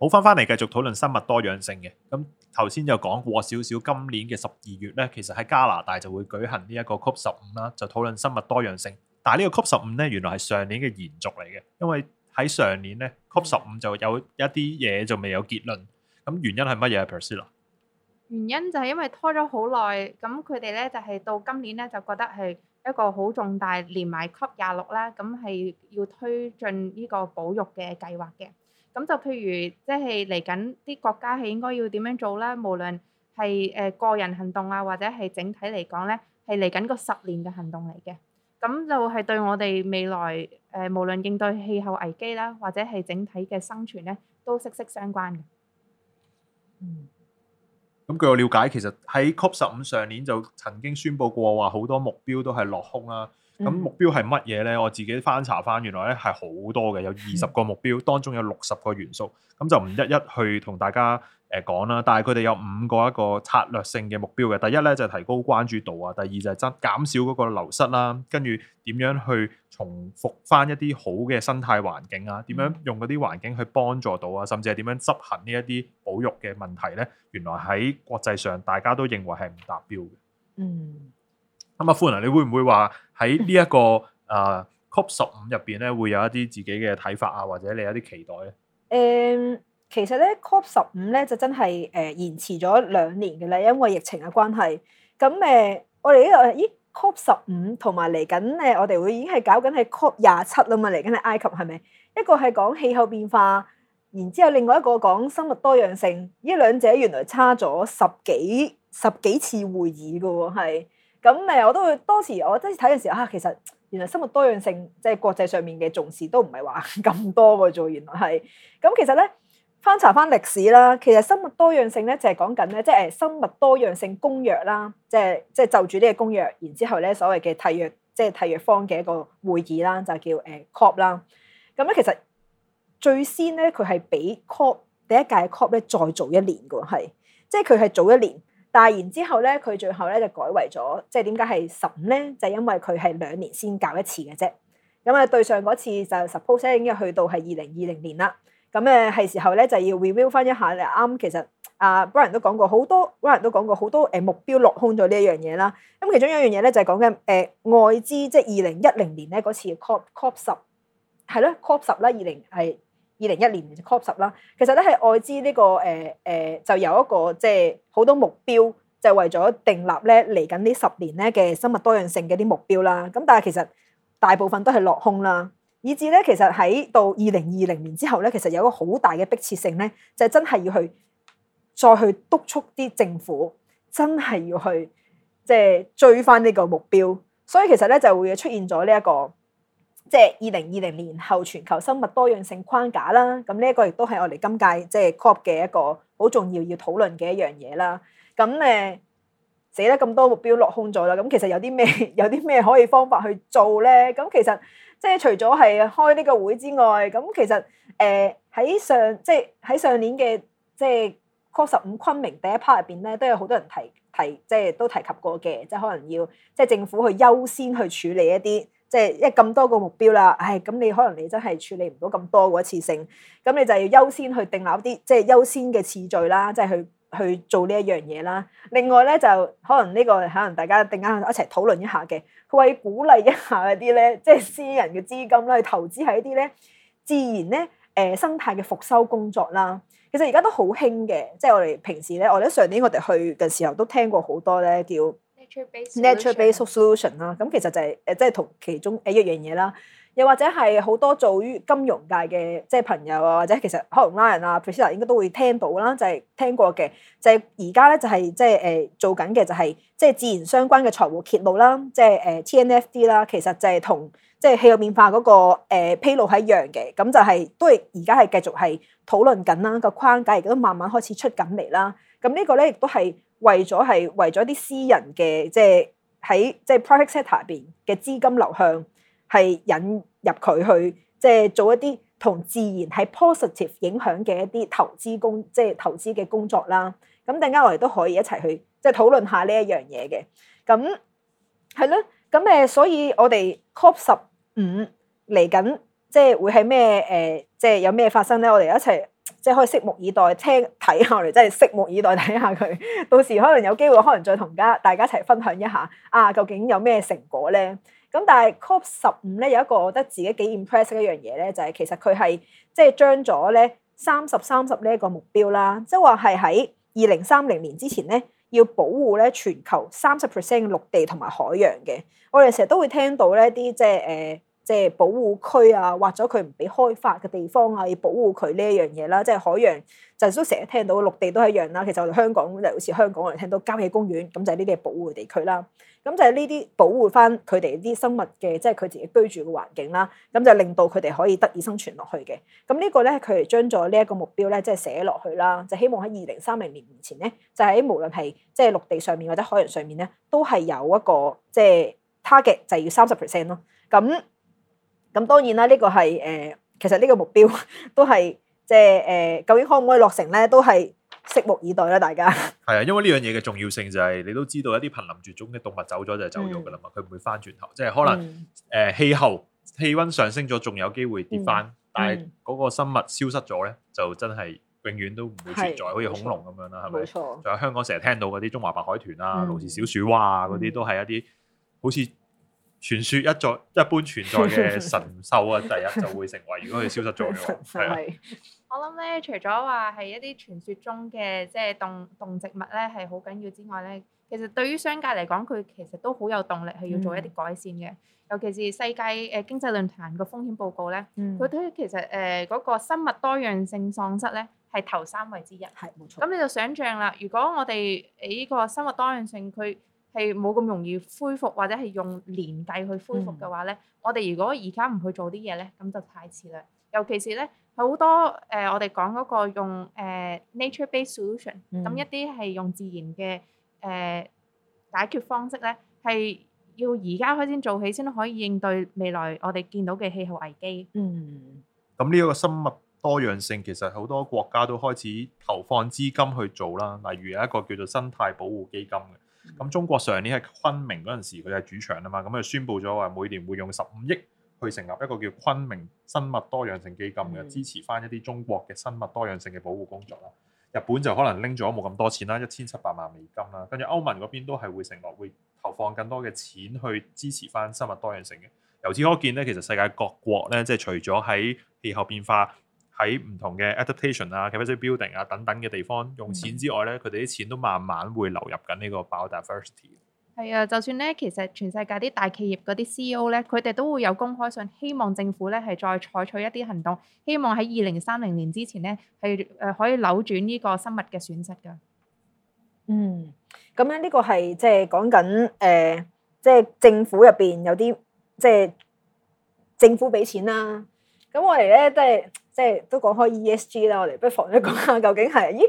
好翻翻嚟，繼續討論生物多樣性嘅。咁頭先就講過少少，今年嘅十二月咧，其實喺加拿大就會舉行呢一個 COP 十五啦，就討論生物多樣性。但係呢個 COP 十五咧，原來係上年嘅延續嚟嘅，因為喺上年咧 COP 十五就有一啲嘢就未有結論。咁原因係乜嘢啊，Priscilla？原因就係因為拖咗好耐，咁佢哋咧就係到今年咧就覺得係一個好重大，連埋 COP 廿六啦，咁係要推進呢個保育嘅計劃嘅。咁就譬如即係嚟緊啲國家係應該要點樣做啦？無論係誒個人行動啊，或者係整體嚟講咧，係嚟緊個十年嘅行動嚟嘅。咁就係對我哋未來誒，無論應對氣候危機啦，或者係整體嘅生存咧，都息息相關嘅。嗯。咁據我了解，其實喺 COP 十五上年就曾經宣布過話好多目標都係落空啊。咁、嗯、目標係乜嘢咧？我自己翻查翻，原來咧係好多嘅，有二十個目標，當中有六十個元素，咁就唔一一去同大家誒講啦。但係佢哋有五個一個策略性嘅目標嘅。第一咧就係、是、提高關注度啊，第二就係增減少嗰個流失啦，跟住點樣去重複返一啲好嘅生態環境啊？點樣用嗰啲環境去幫助到啊？甚至係點樣執行呢一啲保育嘅問題咧？原來喺國際上大家都認為係唔達標嘅。嗯。咁啊，富人，你會唔會話喺呢一個啊 COP 十五入邊咧，會有一啲自己嘅睇法啊，或者你有啲期待咧？誒，其實咧 COP 十五咧就真係誒延遲咗兩年嘅啦，因為疫情嘅關係。咁、嗯、誒，我哋呢個依 COP 十五同埋嚟緊誒，15, 我哋會已經係搞緊係 COP 廿七，啦嘛，嚟緊喺埃及係咪？一個係講氣候變化，然之後另外一個講生物多樣性。呢兩者原來差咗十幾十幾次會議㗎喎，係。咁誒，我都會當時我即係睇嘅時候嚇、啊，其實原來生物多樣性即係國際上面嘅重視都唔係話咁多嘅啫。原來係咁、嗯，其實咧翻查翻歷史啦，其實生物多樣性咧就係講緊咧，即係生物多樣性公約啦，即係即係就住呢個公約，然之後咧所謂嘅締約，即係締約方嘅一個會議啦，就叫誒 COP 啦。咁、呃、咧、嗯、其實最先咧佢係比 COP 第一屆嘅 COP 咧再早一年嘅喎，係即係佢係早一年。但係然之後咧，佢最後咧就改為咗，即係點解係十五咧？就係、因為佢係兩年先教一次嘅啫。咁、嗯、啊，對上嗰次就 suppose 已經去到係二零二零年啦。咁、嗯、誒，係時候咧就要 review 翻一下咧。啱、嗯，其實啊，Brian 都講過好多，Brian 都講過好多誒目標落空咗呢一樣嘢啦。咁、嗯、其中一樣嘢咧，就係講緊誒外資，即係二零一零年咧嗰次 COP COP 十，係咯 COP 十啦，二零係。二零一零年就 COP 十啦，其實咧喺外資呢、呢個誒誒、呃呃，就有一個即係好多目標，就係、為咗訂立咧嚟緊呢十年咧嘅生物多樣性嘅啲目標啦。咁但係其實大部分都係落空啦，以至咧其實喺到二零二零年之後咧，其實有一個好大嘅迫切性咧，就係、係、真係要去再去督促啲政府真係要去即係、就係、追翻呢個目標。所以其實咧就會出現咗呢一個。即係二零二零年後全球生物多樣性框架啦，咁呢、就是、一個亦都係我哋今屆即係 COP 嘅一個好重要要討論嘅一樣嘢啦。咁誒，寫得咁多目標落空咗啦，咁其實有啲咩有啲咩可以方法去做咧？咁其實即係除咗係開呢個會之外，咁其實誒喺、呃、上即係喺上年嘅即係 COP 十五昆明第一 part 入邊咧，都有好多人提提即係都提及過嘅，即係可能要即係政府去優先去處理一啲。即係一咁多個目標啦，唉、哎，咁你可能你真係處理唔到咁多嗰一次性，咁你就要優先去訂立啲即係優先嘅次序啦，即係去去做呢一樣嘢啦。另外咧就可能呢、這個可能大家定間一齊討論一下嘅，佢為鼓勵一下一啲咧即係私人嘅資金啦，去投資喺一啲咧自然咧誒生態嘅復修工作啦。其實而家都好興嘅，即係我哋平時咧，或者上年我哋去嘅時候都聽過好多咧叫。Nature based solution 啦，咁、啊、其實就係、是、誒，即係同其中一樣嘢啦，又或者係好多做於金融界嘅即係朋友啊，或者其實可能拉人啊、Priscilla、啊、應該都會聽到啦，就係、是、聽過嘅，就係而家咧就係即係誒做緊嘅就係即係自然相關嘅財務揭露啦，即、就、係、是、誒、呃、TNFD 啦，其實就係同即係氣候變化嗰、那個、呃、披露係一樣嘅，咁就係都係而家係繼續係討論緊啦，個框架亦都慢慢開始出緊嚟啦，咁呢個咧亦都係。為咗係為咗啲私人嘅，即係喺即係 private sector 入邊嘅資金流向，係引入佢去，即係做一啲同自然係 positive 影響嘅一啲投資工，即係投資嘅工作啦。咁大家我哋都可以一齊去即係討論下呢一樣嘢嘅。咁係咯，咁誒，所以我哋 COP 十五嚟緊，即係會係咩誒？即係有咩發生咧？我哋一齊。即係可以拭目以待聽，聽睇下嚟，即係拭目以待睇下佢。到時可能有機會，可能再同家大家一齊分享一下，啊，究竟有咩成果咧？咁但係 COP 十五咧有一個我覺得自己幾 impress 嘅一樣嘢咧，就係、是、其實佢係即係將咗咧三十三十呢一個目標啦，即係話係喺二零三零年之前咧要保護咧全球三十 percent 嘅陸地同埋海洋嘅。我哋成日都會聽到咧啲即係誒。即係保護區啊，或者佢唔俾開發嘅地方啊，要保護佢呢一樣嘢啦。即係海洋就係、是、都成日聽到，陸地都係一樣啦。其實我哋香港就好似香港，我哋聽到郊野公園咁就係呢啲係保護地區啦。咁就係呢啲保護翻佢哋啲生物嘅，即係佢自己居住嘅環境啦。咁就令到佢哋可以得以生存落去嘅。咁呢個咧，佢哋將咗呢一個目標咧，即係寫落去啦。就是、希望喺二零三零年前咧，就喺、是、無論係即係陸地上面或者海洋上面咧，都係有一個即係 target 就係、是、tar 要三十 percent 咯。咁咁當然啦，呢個係誒，其實呢個目標都係即係誒，究竟可唔可以落成咧，都係拭目以待啦，大家。係啊，因為呢樣嘢嘅重要性就係你都知道一啲瀕臨絕種嘅動物走咗就走咗噶啦嘛，佢唔會翻轉頭。即係可能誒氣候氣温上升咗，仲有機會跌翻，但係嗰個生物消失咗咧，就真係永遠都唔會存在，好似恐龍咁樣啦，係咪？冇錯。仲有香港成日聽到嗰啲中華白海豚啊、盧氏小樹蛙啊嗰啲，都係一啲好似。傳說一再一般存在嘅神獸啊，第一就會成為。如果佢消失咗嘅話，係 是、啊、我諗咧，除咗話係一啲傳說中嘅即係動動植物咧係好緊要之外咧，其實對於商界嚟講，佢其實都好有動力係要做一啲改善嘅。嗯、尤其是世界誒經濟論壇嘅風險報告咧，佢睇到其實誒嗰個生物多樣性喪失咧係頭三位之一。係冇錯。咁你就想象啦，如果我哋呢個生物多樣性佢係冇咁容易恢復，或者係用年計去恢復嘅話咧，我哋如果而家唔去做啲嘢咧，咁就太遲啦。尤其是咧，好多誒，我哋講嗰個用誒 nature-based solution，咁一啲係用自然嘅誒解決方式咧，係要而家開始做起，先可以應對未來我哋見到嘅氣候危機。嗯，咁呢一個生物多樣性其實好多國家都開始投放資金去做啦，例如有一個叫做生態保護基金嘅。咁中國上年喺昆明嗰陣時，佢係主場啊嘛，咁佢宣佈咗話每年會用十五億去成立一個叫昆明生物多樣性基金嘅，支持翻一啲中國嘅生物多樣性嘅保護工作啦。日本就可能拎咗冇咁多錢啦，一千七百萬美金啦。跟住歐盟嗰邊都係會承諾會投放更多嘅錢去支持翻生物多樣性嘅。由此可見咧，其實世界各國咧，即係除咗喺氣候變化，喺唔同嘅 adaptation 啊、capacity building 啊等等嘅地方用錢之外咧，佢哋啲錢都慢慢會流入緊呢個 biodiversity。係啊，就算咧，其實全世界啲大企業嗰啲 CEO 咧，佢哋都會有公開信，希望政府咧係再採取一啲行動，希望喺二零三零年之前咧係誒可以扭轉呢個生物嘅損失嘅。嗯，咁樣呢個係即係講緊誒，即、呃、係、就是、政府入邊有啲即係政府俾錢啦、啊。咁、嗯、我哋咧即係。就是即係都講開 ESG 啦，我哋不妨一講下究竟係咦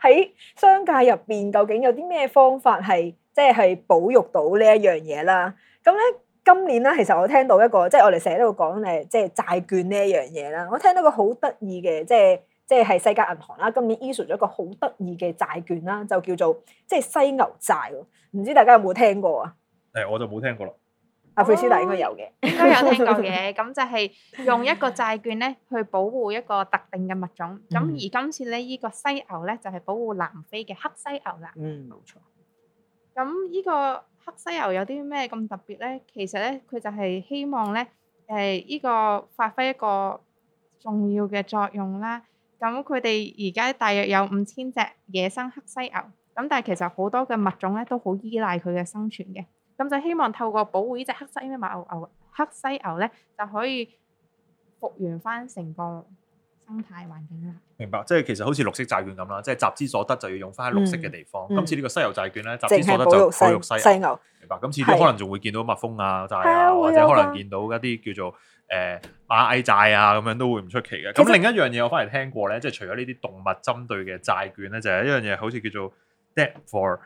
喺商界入邊究竟有啲咩方法係即係保育到呢一樣嘢啦？咁咧今年咧，其實我聽到一個即係我哋成日都講誒，即係債券呢一樣嘢啦。我聽到個好得意嘅，即係即係係世界銀行啦。今年 Issue 咗一個好得意嘅債券啦，就叫做即係犀牛債。唔知大家有冇聽過啊？誒，我就冇聽過咯。阿佩斯娜應該有嘅，應該有聽過嘅。咁 就係用一個債券咧，去保護一個特定嘅物種。咁 而今次咧，這個、呢個犀牛咧就係、是、保護南非嘅黑犀牛啦。嗯，冇錯。咁呢個黑犀牛有啲咩咁特別咧？其實咧，佢就係希望咧，誒、呃、呢、這個發揮一個重要嘅作用啦。咁佢哋而家大約有五千隻野生黑犀牛。咁但係其實好多嘅物種咧，都好依賴佢嘅生存嘅。咁就希望透過保護呢隻黑色咩牛黑牛黑犀牛咧，就可以復原翻成個生態環境啦。明白，即係其實好似綠色債券咁啦，即係集資所得就要用翻喺綠色嘅地方。嗯、今次呢個犀牛債券咧，嗯、集資所得就保育犀犀牛。牛，明白，今次的可能仲會見到蜜蜂，蜂啊債啊，的或者可能見到一啲叫做誒螞蟻、呃、債啊咁樣都會唔出奇嘅。咁實另一樣嘢我翻嚟聽過咧，即係除咗呢啲動物針對嘅債券咧，就係、是、一樣嘢，好似叫做 debt for。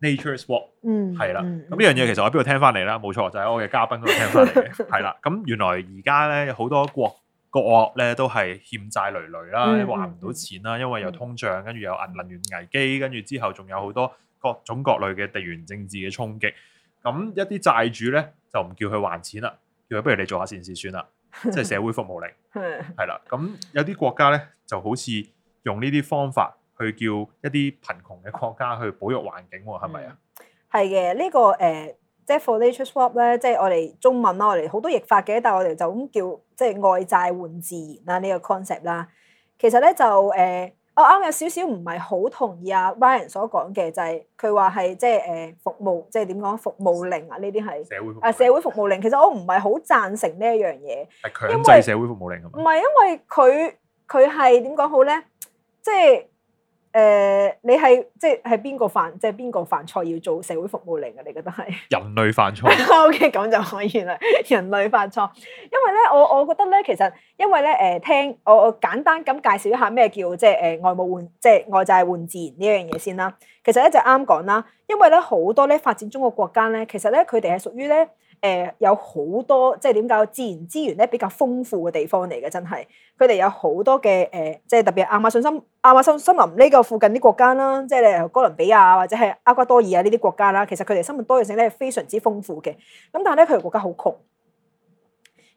Nature's walk 嗯係啦，咁呢樣嘢其實我喺邊度聽翻嚟啦？冇錯，就喺、是、我嘅嘉賓嗰度聽翻嚟嘅係啦。咁 原來而家咧好多國國惡咧都係欠債累累啦，還唔、嗯、到錢啦，因為有通脹，跟住、嗯、有銀能源危機，跟住之後仲有好多各種各類嘅地緣政治嘅衝擊。咁一啲債主咧就唔叫佢還錢啦，叫佢不如你做下善事算啦，即係社會服務力係啦。咁有啲國家咧就好似用呢啲方法。去叫一啲貧窮嘅國家去保育環境喎，係咪啊？係嘅，呢、這個誒，即、呃、係 debt for nature swap 咧，即係我哋中文啦，我哋好多譯法嘅，但係我哋就咁叫，即係外債換自然啦呢、這個 concept 啦。其實咧就誒，我、呃、啱、哦、有少少唔係好同意啊 Brian 所講嘅，就係佢話係即係誒服務，即係點講服務令啊呢啲係社會啊社會服務令。啊、務令其實我唔係好贊成呢一樣嘢，強制社會服務令。啊嘛。唔係因為佢佢係點講好咧，即係。誒、呃，你係即係邊個犯，即係邊個犯錯要做社會服務嚟嘅？你覺得係人類犯錯？OK，咁就可以啦。人類犯錯，因為咧，我我覺得咧，其實因為咧，誒，聽我我簡單咁介紹一下咩叫即係誒、呃、外務換，即係外債換自然呢樣嘢先啦。其實咧就啱講啦，因為咧好多咧發展中國國家咧，其實咧佢哋係屬於咧。誒、呃、有好多即係點解，自然資源咧比較豐富嘅地方嚟嘅，真係佢哋有好多嘅誒、呃，即係特別亞馬遜森亞馬遜森林呢個附近啲國家啦，即係你嚟講，哥倫比亞或者係阿瓜多爾啊呢啲國家啦，其實佢哋生物多樣性咧係非常之豐富嘅。咁但係咧佢哋國家好窮，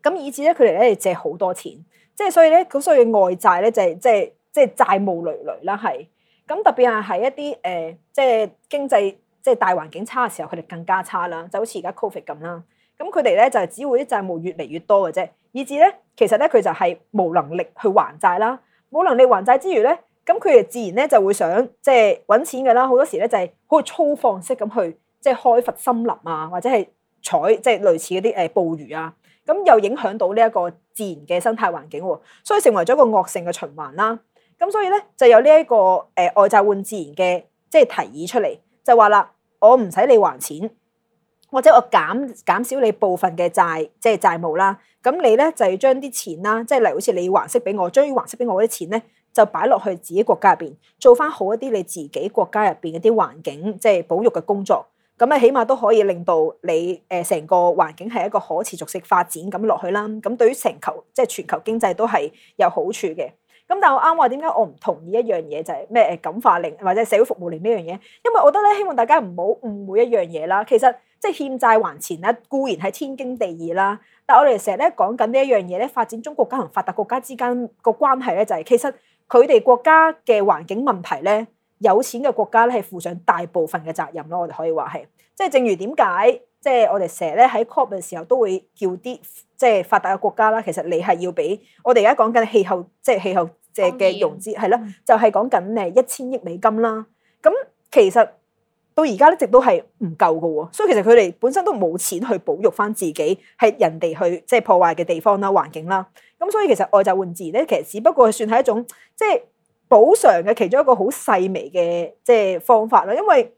咁以至咧佢哋咧借好多錢，即係所以咧咁所以外債咧就係即係即係債務累累啦，係咁特別係喺一啲誒即係經濟。即係大環境差嘅時候，佢哋更加差啦。就好似而家 Covid 咁啦，咁佢哋咧就係只會債務越嚟越多嘅啫，以至咧其實咧佢就係冇能力去還債啦。冇能力還債之餘咧，咁佢哋自然咧就會想即係揾錢嘅啦。好多時咧就係好粗放式咁去即係開發森林啊，或者係採即係類似嗰啲誒捕魚啊，咁又影響到呢一個自然嘅生態環境喎，所以成為咗一個惡性嘅循環啦。咁所以咧就有呢一個誒外債換自然嘅即係提議出嚟，就話啦。我唔使你還錢，或者我減減少你部分嘅債，即係債務啦。咁你咧就係將啲錢啦，即係例如好似你還息俾我，將要還息俾我啲錢咧，就擺落去自己國家入邊，做翻好一啲你自己國家入邊嗰啲環境，即係保育嘅工作。咁啊，起碼都可以令到你誒成、呃、個環境係一個可持續性發展咁落去啦。咁對於成球即係全球經濟都係有好處嘅。咁但係我啱話點解我唔同意一樣嘢，就係咩，誒感化令或者社會服務令呢樣嘢？因為我覺得咧，希望大家唔好誤會一樣嘢啦。其實即係、就是、欠債還錢咧固然係天經地義啦，但係我哋成日咧講緊呢一樣嘢咧，發展中國家同發達國家之間個關係咧，就係、是、其實佢哋國家嘅環境問題咧，有錢嘅國家咧係負上大部分嘅責任咯。我哋可以話係，即、就、係、是、正如點解？即係我哋成日咧喺 call 嘅時候都會叫啲即係發達嘅國家啦。其實你係要俾我哋而家講緊氣候，即係氣候即係嘅融資係咧便，就係講緊誒一千億美金啦。咁其實到而家一直都係唔夠嘅喎。所以其實佢哋本身都冇錢去保育返自己係人哋去即係破壞嘅地方啦、環境啦。咁所以其實愛就換自然咧，其實只不過算係一種即係補償嘅其中一個好細微嘅即係方法啦，因為。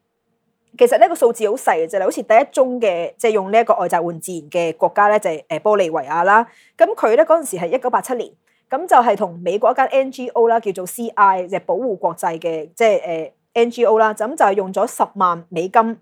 其實呢一個數字、就是、好細嘅啫，好似第一宗嘅即係用呢一個外債換自然嘅國家咧，就係、是、誒玻利維亞啦。咁佢咧嗰陣時係一九八七年，咁就係同美國一間 NGO 啦，叫做 CI，即保護就保、是、護國際嘅即係誒 NGO 啦，咁就係用咗十萬美金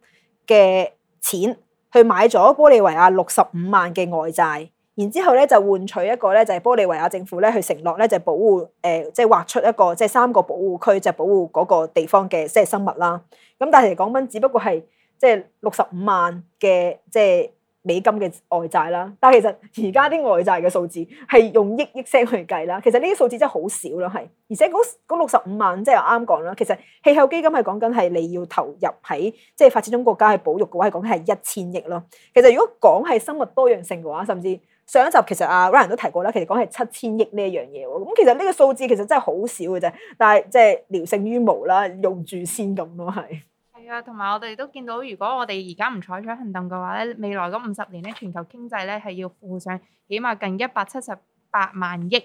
嘅錢去買咗玻利維亞六十五萬嘅外債。然之後咧，就換取一個咧，就係玻利維亞政府咧去承諾咧，就係保護誒，即係劃出一個即係三個保護區，就係保護嗰個地方嘅即係生物啦。咁但係講緊只不過係即係六十五萬嘅即係美金嘅外債啦。但係其實而家啲外債嘅數字係用億億聲去計啦。其實呢啲數字真係好少咯，係。而且嗰六十五萬即係我啱講啦。其實氣候基金係講緊係你要投入喺即係發展中國家去保育嘅話，係講緊係一千億咯。其實如果講係生物多樣性嘅話，甚至上一集其實阿 Ryan 都提過啦，其實講係七千億呢一樣嘢喎，咁其實呢個數字其實真係好少嘅啫，但係即係聊勝於無啦，用住先咁都係。係啊，同埋我哋都見到，如果我哋而家唔採取行動嘅話咧，未來嗰五十年咧，全球經濟咧係要負上起碼近一百七十八萬億。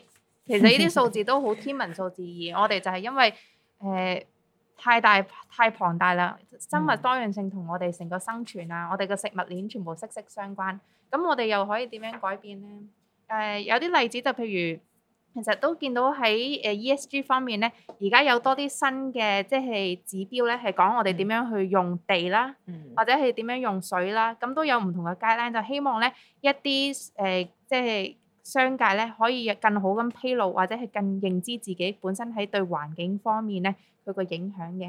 其實呢啲數字都好天文數字而， 我哋就係因為誒。呃太大太龐大啦！生物多樣性同我哋成個生存啊，嗯、我哋嘅食物鏈全部息息相關。咁我哋又可以點樣改變咧？誒、呃、有啲例子就譬如，其實都見到喺誒 ESG 方面咧，而家有多啲新嘅即係指標咧，係講我哋點樣去用地啦，嗯、或者係點樣用水啦。咁都有唔同嘅 guideline，就希望咧一啲誒即係。呃就是商界咧可以更好咁披露，或者係更認知自己本身喺對環境方面咧佢個影響嘅。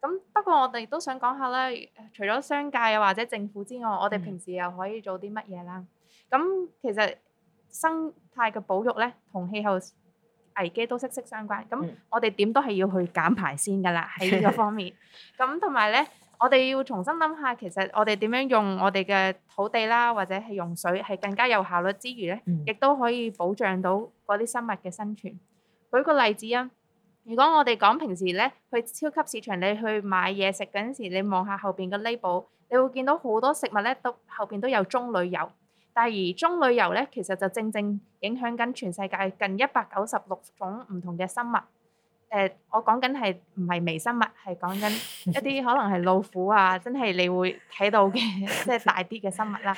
咁、嗯、不過我哋都想講下咧，除咗商界又或者政府之外，我哋平時又可以做啲乜嘢啦？咁、嗯、其實生態嘅保育咧同氣候危機都息息相關。咁、嗯、我哋點都係要去減排先噶啦喺呢個方面。咁同埋咧。我哋要重新諗下，其實我哋點樣用我哋嘅土地啦，或者係用水，係更加有效率之餘咧，亦都、嗯、可以保障到嗰啲生物嘅生存。舉個例子啊，如果我哋講平時咧去超級市場，你去買嘢食嗰陣時，你望下後邊嘅 label，你會見到好多食物咧都後邊都有棕櫚油，但係而棕櫚油咧其實就正正影響緊全世界近一百九十六種唔同嘅生物。誒、呃，我講緊係唔係微生物，係講緊一啲可能係老虎啊，真係你會睇到嘅，即係 大啲嘅生物啦。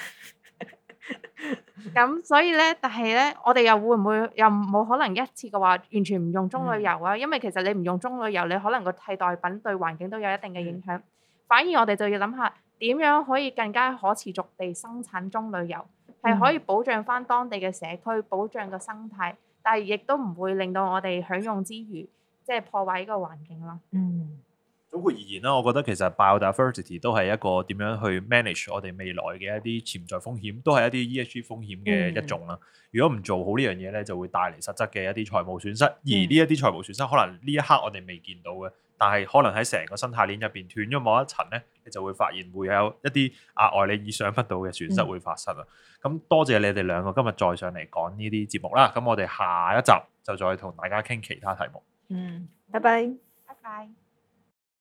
咁、 嗯、所以咧，但係咧，我哋又會唔會又冇可能一次嘅話完全唔用棕櫚油啊？因為其實你唔用棕櫚油，你可能個替代品對環境都有一定嘅影響。是反而我哋就要諗下點樣可以更加可持續地生產棕櫚油，係可以保障返當地嘅社區，保障個生態，但係亦都唔會令到我哋享用之餘。即係破壞呢個環境啦。嗯，總括而言啦，我覺得其實 biodiversity 都係一個點樣去 manage 我哋未來嘅一啲潛在風險，都係一啲 ESG 風險嘅一種啦。嗯、如果唔做好呢樣嘢咧，就會帶嚟實質嘅一啲財務損失。而呢一啲財務損失，可能呢一刻我哋未見到嘅，但係可能喺成個生態鏈入邊斷咗某一層咧，你就會發現會有一啲額外你意想不到嘅損失會發生啊。咁、嗯、多謝你哋兩個今日再上嚟講呢啲節目啦。咁我哋下一集就再同大家傾其他題目。嗯，拜拜，mm。拜拜。Bye.